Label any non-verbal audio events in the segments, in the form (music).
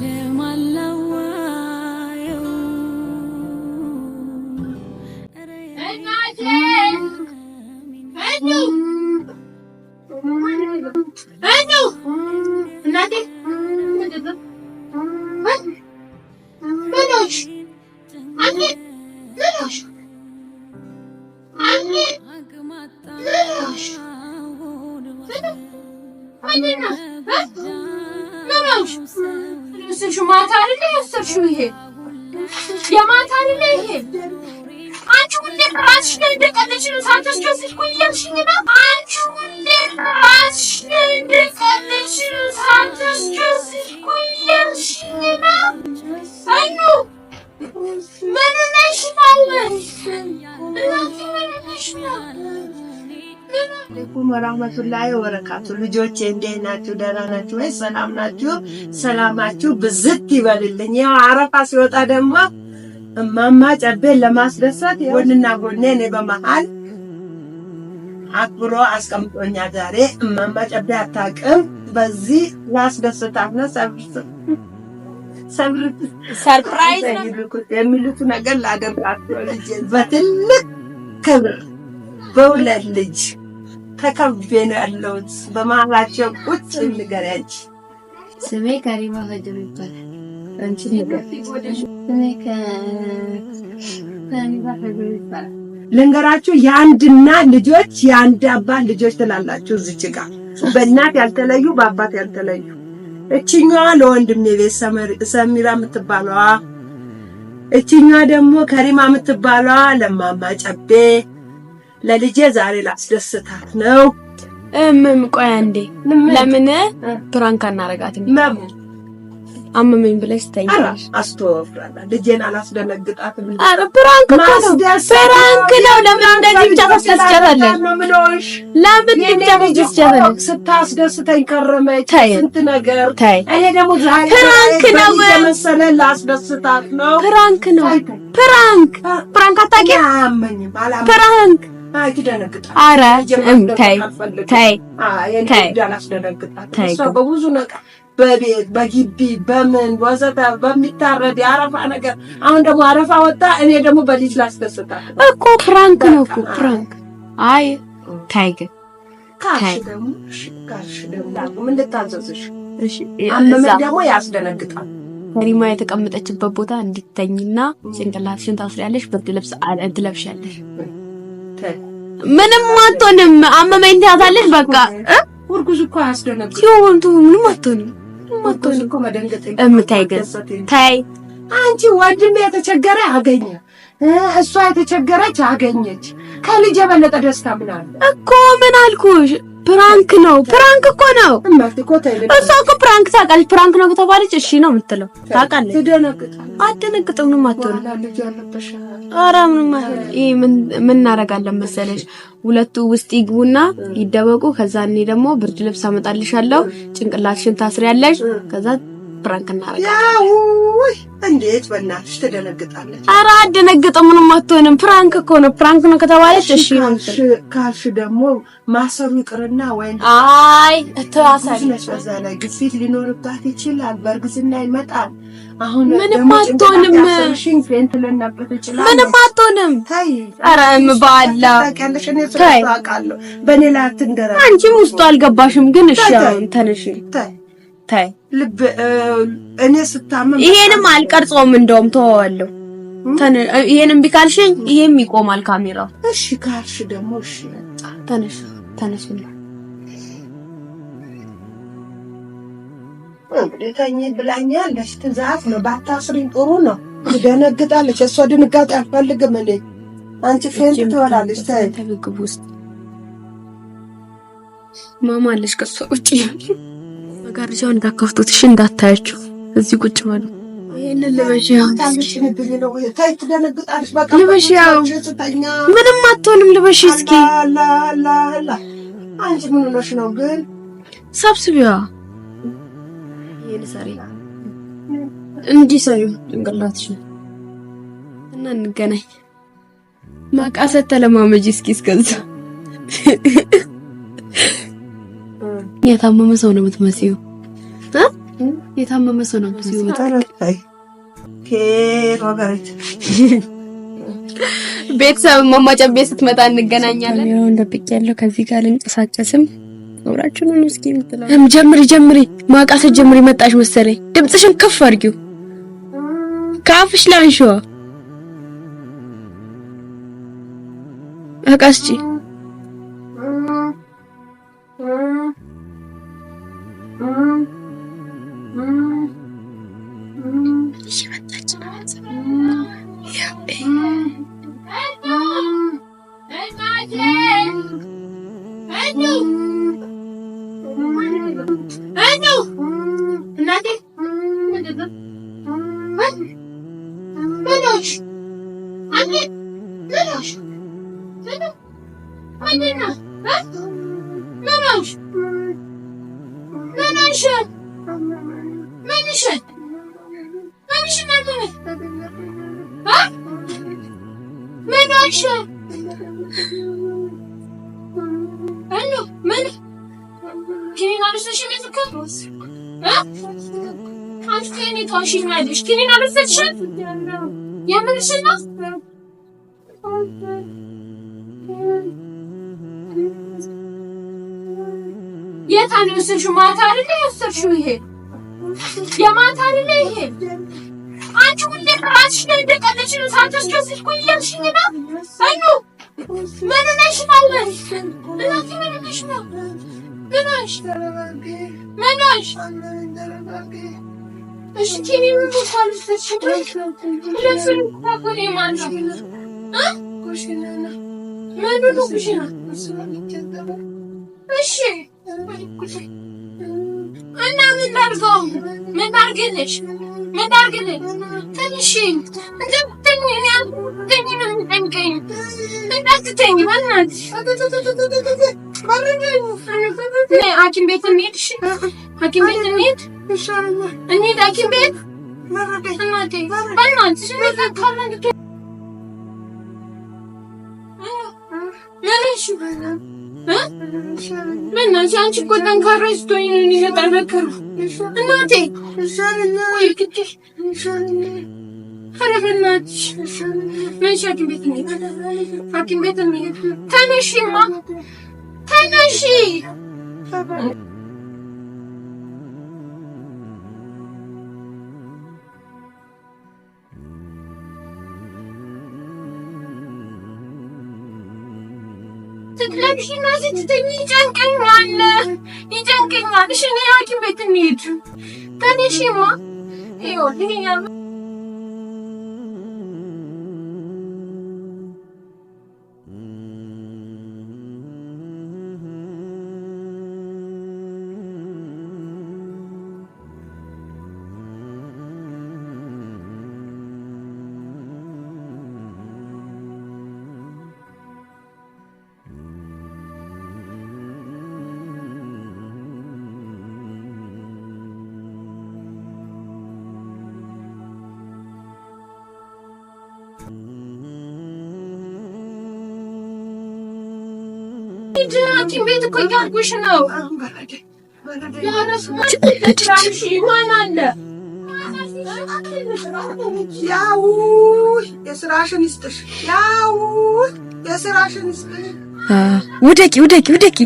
ለማን የማታ ነው ይሄ። አንቺ ሁሌ አለይኩም ወራህመቱላሂ ወበረካቱ። ልጆቼ እንዴት ናችሁ? ደህና ናችሁ ወይ? ሰላም ናችሁ? ሰላማችሁ ብዝት ይበልልኝ። ያው አረፋ ሲወጣ ደግሞ እማማ ጨቤን ለማስደሰት ጎንና ጎኔ እኔ በመሃል አክብሮ አስቀምጦኛ ዛሬ እማማ ጨቤ አታቅም። በዚህ ላስደስታትና ሰርፕራይዝ የሚሉት ነገር ላደርጋት ልጅ በትልቅ ክብር በሁለት ልጅ ተከቤ ነው ያለሁት። በመሃላቸው ቁጭ ንገሪያች። ስሜ ከሪማ ፈጅሩ ይባላል። ልንገራችሁ የአንድ እናት ልጆች የአንድ አባት ልጆች ትላላችሁ። እዚች ጋር በእናት ያልተለዩ በአባት ያልተለዩ እችኛዋ ለወንድሜ ቤት ሰሚራ የምትባለዋ፣ እችኛዋ ደግሞ ከሪማ የምትባለዋ ለማማ ጨቤ ለልጄ ዛሬ ላስደስታት ነው። እምም ቆይ አንዴ ለምን ፕራንክ አናረጋትም? አመመኝ ብለሽ ተይሽ አስተወፍራላ ልጄን አላስደነግጣትም። ኧረ ፕራንክ ፕራንክ ነው። ለምን እንደዚህ ብቻ ታስደስቻታለሽ? ለምን ብቻ ታስደስቻታለሽ? ስታስደስተኝ ከረመች ስንት ነገር። እኔ ደግሞ ዛሬ ፕራንክ ነው ላስደስታት ነው። ፕራንክ ነው ፕራንክ ፕራንክ አታውቂም። ፕራንክ ኧረ ተይ ተይ ተይ በቤት በግቢ በምን ወዘተ በሚታረድ የአረፋ ነገር። አሁን ደግሞ አረፋ ወጣ። እኔ ደግሞ በልጅ ላስደስታ እኮ ፍራንክ ነው እኮ ፍራንክ። አይ ታይ ግን ካልሽ ደግሞ ካልሽ ደግሞ ምን ልታዘዝሽ? እሺ አመመ ደግሞ ያስደነግጣል። ከሪማ የተቀመጠችበት ቦታ እንዲተኝና ጭንቅላትሽን ታስሪያለሽ፣ ብርድ ልብስ ትለብሻለሽ። ምንም አትሆንም። አመመኝ ትያታለሽ። በቃ እርጉዝ እኮ ያስደነግጥ ሲሆን ምንም አትሆንም። ምንም እምታይ ገጽ ታይ አንቺ ወንድሜ የተቸገረ አገኘ፣ እሷ የተቸገረች አገኘች። ከልጅ የበለጠ ደስታ ምን አለ እኮ ምን አልኩሽ? ፕራንክ ነው። ፕራንክ እኮ ነው። እሷ እኮ ፕራንክ ታውቃለች። ፕራንክ ነው ከተባለች እሺ ነው የምትለው። ታውቃለች። አትደነግጥም። ምንም አትሆንም። ኧረ ምንም አይሆንም። ይሄ ምን እናደርጋለን መሰለሽ፣ ሁለቱ ውስጥ ይግቡና ይደበቁ። ከዛ እኔ ደግሞ ብርድ ልብስ አመጣልሻለሁ፣ ጭንቅላትሽን ታስሪያለሽ። ከዛ ፕራንክ እናደርጋለን። ያውይ እንዴት በእናትሽ ትደነግጣለች። ኧረ አደነግጥም፣ ምንም አትሆንም። ፕራንክ እኮ ነው። ፕራንክ ነው ከተባለች እሺ ካልሽ ደግሞ ማሰሩ ይቅርና ወይ አይ ተዋሳይ በዛ ላይ ግፊት ሊኖርባት ይችላል። በእርግዝና ይመጣል። አሁን ምንም አትሆንም። ሽንፌንት ልናበት ይችላል። ምንም አትሆንም። ታይ አረም ባላ ታውቂያለሽ፣ እኔ ስለታውቃለሁ። በኔ ላይ አትንደራ። አንቺም ውስጡ አልገባሽም ግን እሺ አሁን ተነሽ ታይ ታይ ልብ እኔ ስታመም ይሄንም አልቀርጾም እንደውም ተወዋለሁ። ይሄንም ቢካልሽኝ ይሄም ይቆማል ካሜራው። እሺ ካልሽ ደግሞ እሺ ተነሽ ተነሽ። እንግዲህ ብላኛለች፣ ትእዛዝ ነው። ባታስሪኝ ጥሩ ነው። ትደነግጣለች። እሷ ድንጋጤ አልፈልግም እኔ አንቺ ፌንት ትወላለች። ታይ ተብግብ ውስጥ ማማለሽ ከሷ ውጪ መጋረጃውን እንዳካፍቱት፣ እሺ? እንዳታያችሁ እዚህ ቁጭ በሉ። ይሄንን ልበሽ፣ ልበሽ፣ ያው ምንም አትሆንም። ልበሽ እስኪ አንቺ ምን ሆነሽ ነው ግን? ሰብስቢዋ እንዲህ ሰዩ ጭንቅላትሽ እና እንገናኝ። ማቃሰት ተለማመጂ እስኪ እስከዛ የታመመ ሰው ነው የምትመስዩ። የታመመ ሰው ነው የምትመስይው። (laughs) ቤተሰብ መማጨብ ጨቤ ስትመጣ እንገናኛለን። አሁን ደብቅ ያለው ከዚህ ጋር ልንቀሳቀስም ኖራችሁ ነው። እስኪ እም ጀምሪ ጀምሪ፣ ማቃሰ ጀምሪ። መጣሽ መሰለኝ። ድምጽሽም ከፍ አድርጊው፣ ከአፍሽ ላንሺዋ አቃስጪ Ne Ben işine şey mi? Ha? Ben Ayşe. Alo, ben... Kimin arası şimdi kız? Ha? Kaç kıyını taşıyın vermiş? Kimin arası şimdi? Yanına bir şey yok. Yeter diyorsun şu materyali ne yazsın şu iyi? የማታን ነው ይሄ። አንቺ ሁሌ ከራስሽ ጋር እንደቀለድሽ ነው። ሳትረስቸው እኮ እያልሽኝ ነው። አዩ ምን ነሽ ማለት እናቴ? ምን ነሽ ነው? ምን ነሽ? ምን ነሽ? እሺ ኬኔ ምን ታልፈሽ? ለፍን ታቆኔ ማለት ነው። ምን ነው ኩሽና? እሺ Önemliler var. Menar gelir. Menar gelir. Tanışayım. Ne hakim betin niyet işi? Hakim betin niyet? İnşallah. Ne hakim bet? Ben ben sizin kalan Ne ne şu? በእናትሽ አንቺ እኮ ጠንካራ ስትሆኝ ነው ይሸጣል። መከሩ እናቴ ኧረ በእናትሽ መቼ ሐኪም ቤት እንሂድ፣ ሐኪም ቤት እንሂድ። ተነሺማ ተነሺ። ስትለብሺና ስትተኝ ይጨንቀኛል ይጨንቀኛል። እሺ ሐኪም ቤት እንሂድ። ተነሺማ ይኸውልህ ሂድ ሐኪም ቤት እኮ እያልኩሽ ነው። ማን አለ? ያው የስራሽን ይስጥሽ። ያው የስራሽን ይስጥሽ። ውደቂ ውደቂ ውደቂ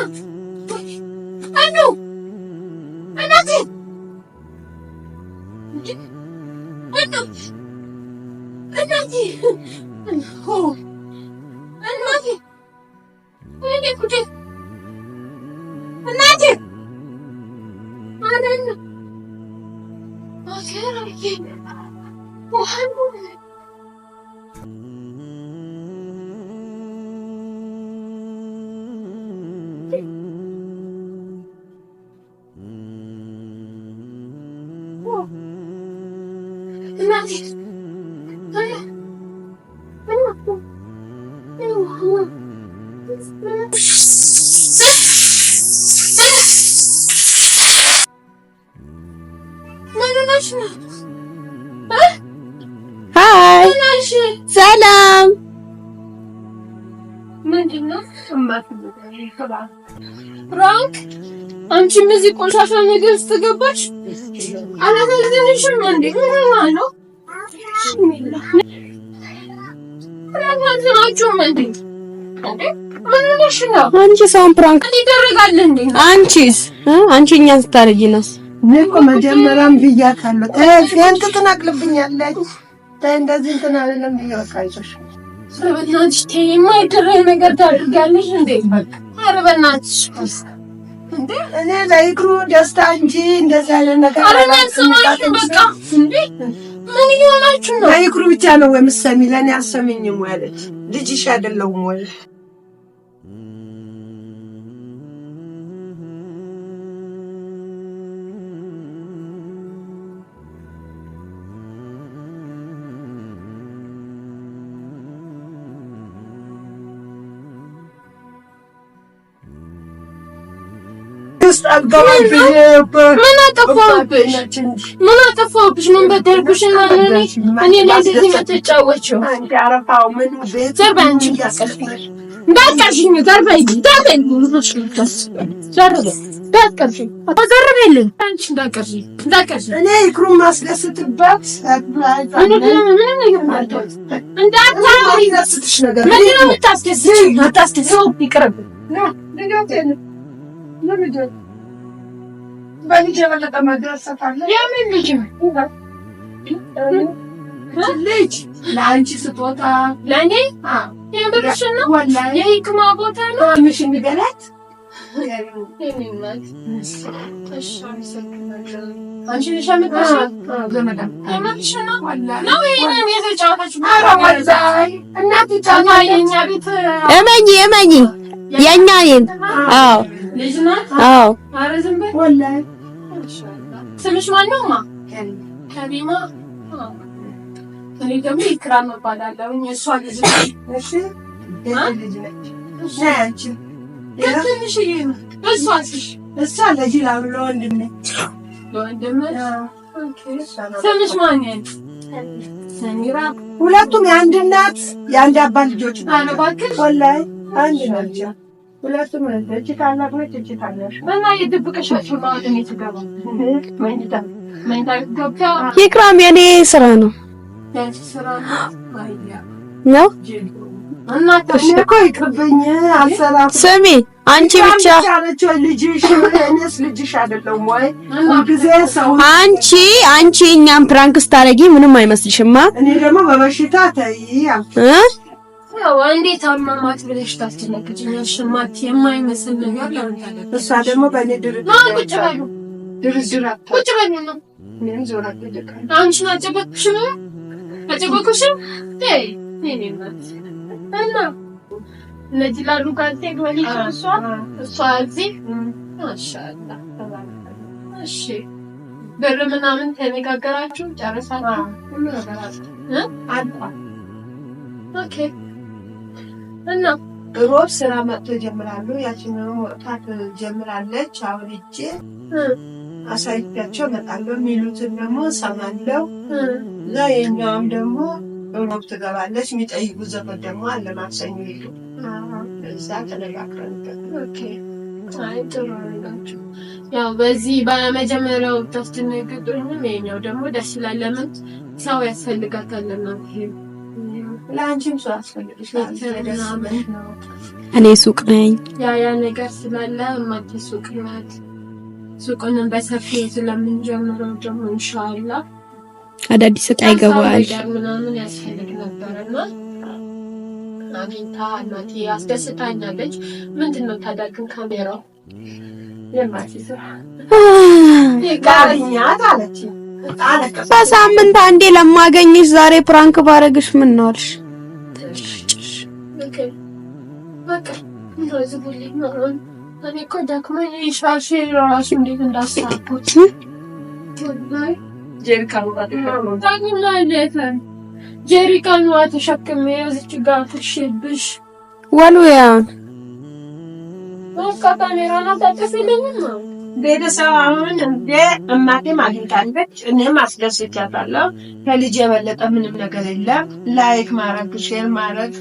Ano? Anak! Anak! Anak! እናቴ mm-hmm. ራንክ አንቺም እዚህ ቆሻሻ ነገር ውስጥ ገባሽ። አላሳዘንሽም እንዴ? ምን ነው አንቺ ሰውን ፕራንክ ይደረጋል እንዴ? አንቺስ አንቺ እኛን ስታረጊነስ? እኮ መጀመሪያም ብያታለሁ። እንትን ትናቅልብኛለች። እንደዚህ እንትን አይደለም ብዬሽ በቃ አይዞሽ ኧረ በእናትሽ ተይ፣ የማይደረግ ነገር ታድርጊያለሽ እንዴ! ኧረ በእናትሽ እኔ ለይክሩ ደስታ እንጂ እንደዚህ አይነት ነገር እንዴ ምን እየሆናችሁ ነው? ለይክሩ ብቻ ነው የምትሰሚ፣ ለእኔ አልሰሚኝም ወይ አለች። ልጅሽ አይደለሁም ወይ ውስጥ አትገባም ነበር። ምን አጠፋሁብሽ? ምን አጠፋሁብሽ? ምን በደልኩሽ? እኔ ላይ እንደዚህ የምትጫወቺው ዘር በአንቺ እንዳትቀርሺኝ፣ ዘር እንዳትቀርሺኝ፣ ዘር በይልኝ አንቺ እንዳትቀርሺኝ፣ እንዳትቀርሺኝ እኔ ይክሩን ማስደስትበት እንዳታስደስትሽ ነገር ምንድን ነው የምታስደስትሽ? አታስደስትሽ፣ ይቅርብኝ በልጅ የበለጠ መድረስ አለ። የምን ልጅ ልጅ ለአንቺ ስጦታ ለእኔ የምርሽን ነው? የሂክማ ቦታ ነው። ምሽ ንገላት። እመኝ እመኝ የእኛ ይን አዎ ልጅ ናት አዎ አረ ዝም ወላሂ ስምሽ ማን ነው? ማ ከሪማ። እኔ ደግሞ ይክራም እባላለሁ። እሷ ልጅ እሺ፣ ልጅ ነች። እሷ ልጅ ለወንድሜ ለወንድምሽ። ስምሽ ማን? ሰሚራ። ሁለቱም የአንድ እናት የአንድ አባት ልጆች ናቸው። ወላሂ አንድ ናቸው። ሁለቱም እቺ ታላቅ ነች፣ እቺ ታናሽ እና የደብቀሻቸው ማለት ነው። የተገባ መኝታ መኝታ ገብታ ይክራም የኔ ስራ ነው ነው ስሚ አንቺ ብቻ አንቺ አንቺ እኛም ፕራንክ ስታረጊ ምንም አይመስልሽማ። እኔ ደግሞ በበሽታ ተይ ያው አንዴ ታማማት ብለሽ ታስደነግጭኛለሽ። የማይመስል ነገር ለምን እሷ ደግሞ በእኔ ድርድር ቁጭ በሉ ድርድር ቁጭ በሉ ነው። አንቺን አጨበቅሽም አጨበቅሽም። እና እነዚህ ላሉ ካልቴክ ወሊሽ እሷ እሷ እዚህ ማሻአላ እሺ ብር ምናምን ተነጋገራችሁ ጨረሳችሁ? ሁሉ ነገር አለ ኦኬ እና ሮብ ስራ መጥቶ ጀምራሉ። ያችን መጥታት ጀምራለች። አሁን ሂጄ አሳይቻቸው እመጣለሁ የሚሉትን ደግሞ እሰማለሁ። እና የኛውም ደግሞ ሮብ ትገባለች። የሚጠይቁ ዘመድ ደግሞ አለ ማክሰኞ ይሉ እዛ ተነጋግረንበት ጥሩ ናቸው። ያው በዚህ በመጀመሪያው ተፍትንግጡንም የኛው ደግሞ ደስ ይላል። ለምን ሰው ያስፈልጋታልና ይሄ ለአንቺም ሰው እኔ ሱቅ ነኝ። ያ ያ ነገር ስላለ እማዬ ሱቅ ናት። ሱቁንም በሰፊ ስለምንጀምረው ደግሞ እንሻላ አዳዲስ እቃ ይገባል ምናምን ያስፈልግ ነበርና አግኝታ እናቴ አስደስታኛለች። ምንድን ነው ታዲያ ግን ካሜራው የማቲ ስራ አለችኝ። በሳምንት አንዴ ለማገኝሽ ዛሬ ፕራንክ ባረግሽ ምን ነው አልሽ? ጀሪካን ውሃ ተሸክሜ እዚች ጋር ትሽብሽ ወሉ ካሜራ ናት ነው ቤተሰብ አሁን እንደ እናቴም አግኝታለች፣ እኔም አስደስቻታለሁ። ከልጅ የበለጠ ምንም ነገር የለም። ላይክ ማድረግ፣ ሼር ማድረግ፣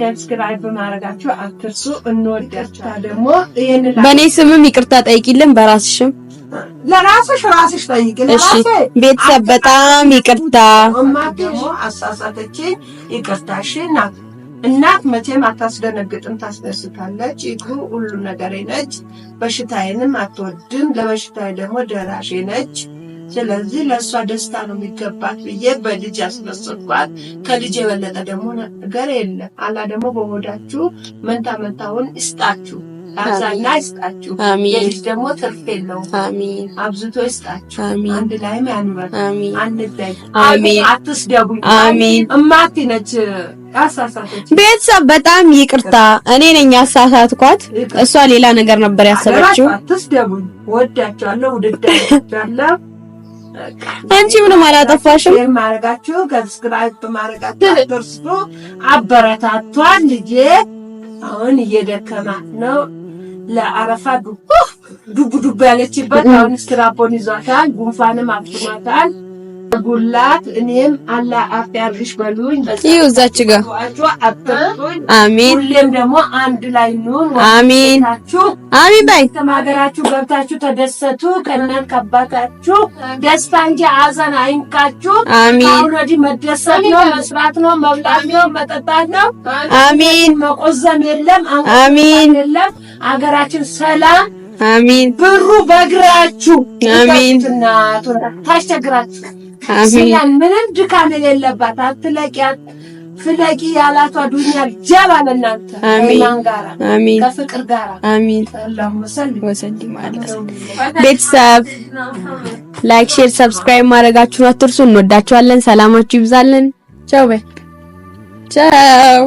ሰብስክራይብ ማድረጋችሁ አትርሱ። እንወዳችሁታ። ደግሞ በእኔ ስምም ይቅርታ ጠይቂልን፣ በራስሽም ለራስሽ ራስሽ ጠይቂ። ቤተሰብ በጣም ይቅርታ፣ እማቴ አሳሳተችኝ፣ ይቅርታሽን እናት መቼም አታስደነግጥም፣ ታስደስታለች። ይግሩ ሁሉ ነገሬ ነች። በሽታዬንም አትወድም፣ ለበሽታዬ ደግሞ ደራሼ ነች። ስለዚህ ለእሷ ደስታ ነው የሚገባት ብዬ በልጅ ያስደሰትኳት። ከልጅ የበለጠ ደግሞ ነገር የለም። አላ ደግሞ በሆዳችሁ መንታ መንታውን ይስጣችሁ። አብዛኛ ይስጣችሁ። የልጅ ደግሞ ትርፍ የለውም። አብዝቶ ይስጣችሁ። አንድ ላይም ያኑረን። አትስደቡኝ። አሚን። እማቲ ነች ቤተሰብ በጣም ይቅርታ፣ እኔ ነኝ ያሳሳትኳት። እሷ ሌላ ነገር ነበር ያሰበችው። አንቺ ምንም አላጠፋሽም። ማረጋችሁ ከስክራይብ ማረጋችሁ አበረታቷን ልጄ አሁን እየደከማ ነው። ለአረፋ ዱቡ ዱቡ ያለችበት አሁን ስትራፖን ይዟታል። ጉንፋንም አብትሟታል። ጉላት እኔም አላ አፍ ያርግሽ በሉኝ። ይኸው እዛች ጋር አሜን። ሁሌም ደግሞ አንድ ላይ ኑን። አሜን አሜን። ባይ ሀገራችሁ ገብታችሁ ተደሰቱ። ከእናት ከአባታችሁ ደስታ እንጂ አዘን አይንካችሁ። አሜን። አሁን ወዲህ መደሰት ነው፣ መስራት ነው፣ መብላት ነው፣ መጠጣት ነው። አሜን። መቆዘም የለም። አሜን የለም። ሀገራችን ሰላም አሚን። ብሩ በእግራችሁ አሚን። እናቶች ታስቸግራችሁ ሲያን ምንም ድካም የሌለባት አትለቂያት ፍለቂ ያላቷ ዱንያ ጀባ ለእናንተ ኢማን ጋራ አሚን፣ ከፍቅር ጋራ አሚን። ቤተሰብ ላይክ፣ ሼር፣ ሰብስክራይብ ማድረጋችሁን አትርሱ። እንወዳችኋለን። ሰላማችሁ ይብዛልን። ቻው በይ ቻው።